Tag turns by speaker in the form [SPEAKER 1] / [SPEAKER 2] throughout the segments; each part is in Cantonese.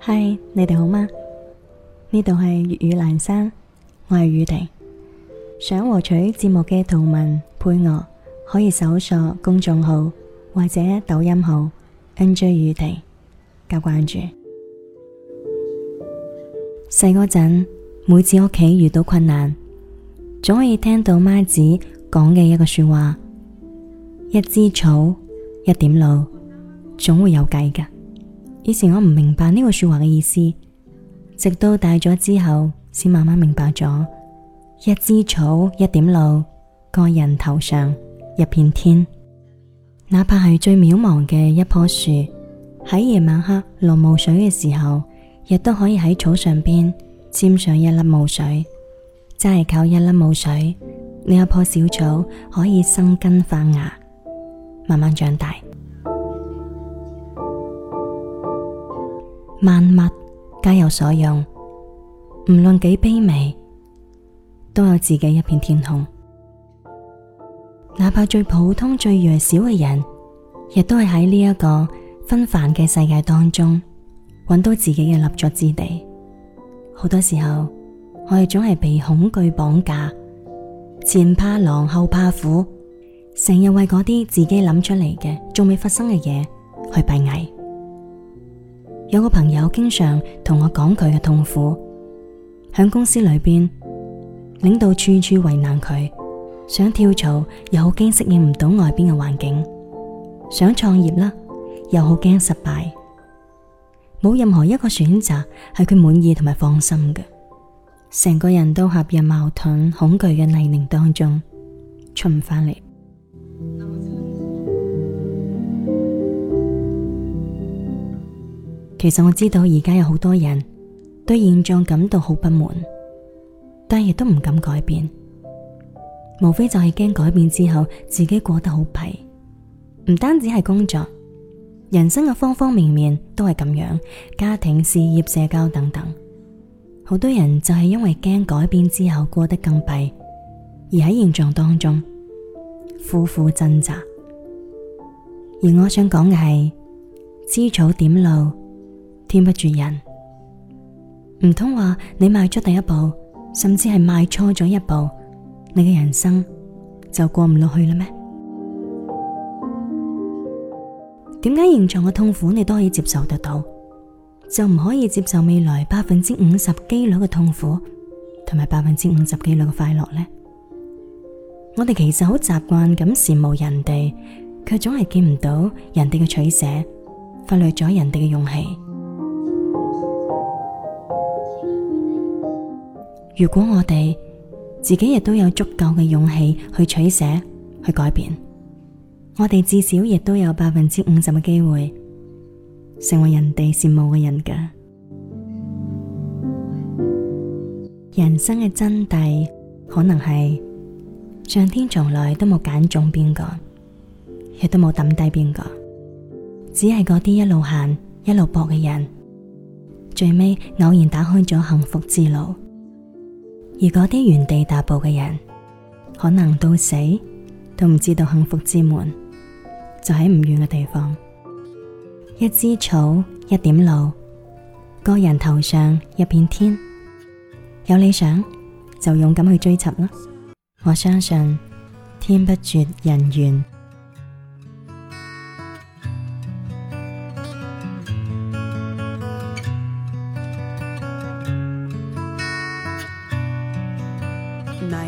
[SPEAKER 1] 嗨，Hi, 你哋好嗎？呢度係粵語闌珊，我係宇婷。想獲取節目嘅圖文配樂，可以搜索公眾號或者抖音號 NJ 宇婷加關注。細嗰陣，每次屋企遇到困難，總可以聽到媽子講嘅一個說話：一枝草，一點露，總會有計㗎。以前我唔明白呢個說話嘅意思，直到大咗之後，先慢慢明白咗：一枝草，一點露，各人頭上一片天。哪怕係最渺茫嘅一棵草，喺夜晚黑落霧水嘅時候，亦都可以喺草上邊沾上一粒霧水。真係靠一粒霧水，呢一棵小草可以生根發芽，慢慢長大。萬物皆有所用，唔論幾卑微，都有自己一片天空。哪怕最普通、最弱小嘅人，亦都係喺呢一個紛繁嘅世界當中，揾到自己嘅立足之地。好多時候，我哋總係被恐懼綁架，前怕狼後怕虎，成日為嗰啲自己諗出嚟嘅仲未發生嘅嘢去閉翳。有個朋友經常同我講佢嘅痛苦，響公司裏邊領導處處為難佢，想跳槽又好驚適應唔到外邊嘅環境，想創業啦又好驚失敗，冇任何一個選擇係佢滿意同埋放心嘅，成個人都陷入矛盾恐懼嘅泥濘當中，出唔翻嚟。其實我知道而家有好多人對現狀感到好不滿，但亦都唔敢改變，無非就係驚改變之後自己過得好弊。唔單止係工作，人生嘅方方面面都係咁樣，家庭、事業、社交等等，好多人就係因為驚改變之後過得更弊，而喺現狀當中苦苦掙扎。而我想講嘅係，枝草點露。天不絕人，唔通話你邁出第一步，甚至係邁錯咗一步，你嘅人生就過唔落去啦咩？點解現狀嘅痛苦你都可以接受得到，就唔可以接受未來百分之五十幾率嘅痛苦，同埋百分之五十幾率嘅快樂呢？我哋其實好習慣咁羨慕人哋，卻總係見唔到人哋嘅取捨，忽略咗人哋嘅勇氣。如果我哋自己亦都有足夠嘅勇氣去取捨，去改變，我哋至少亦都有百分之五十嘅機會成為人哋羨慕嘅人嘅。人生嘅真諦可能係上天從來都冇揀中邊個，亦都冇抌低邊個，只係嗰啲一路行，一路搏嘅人，最尾偶然打開咗幸福之路。而果啲原地踏步嘅人，可能到死都唔知道幸福之門就喺唔遠嘅地方。一枝草，一點露，各人頭上一片天，有理想就勇敢去追尋啦！我相信天不絕人願。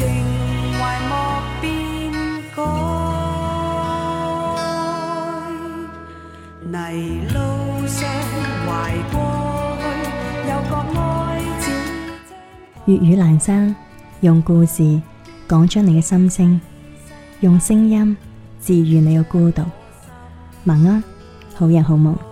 [SPEAKER 2] 莫泥路上有個愛字。
[SPEAKER 1] 粵語闌珊，用故事講出你嘅心聲，用聲音治癒你嘅孤獨。晚安，啊，好人好夢。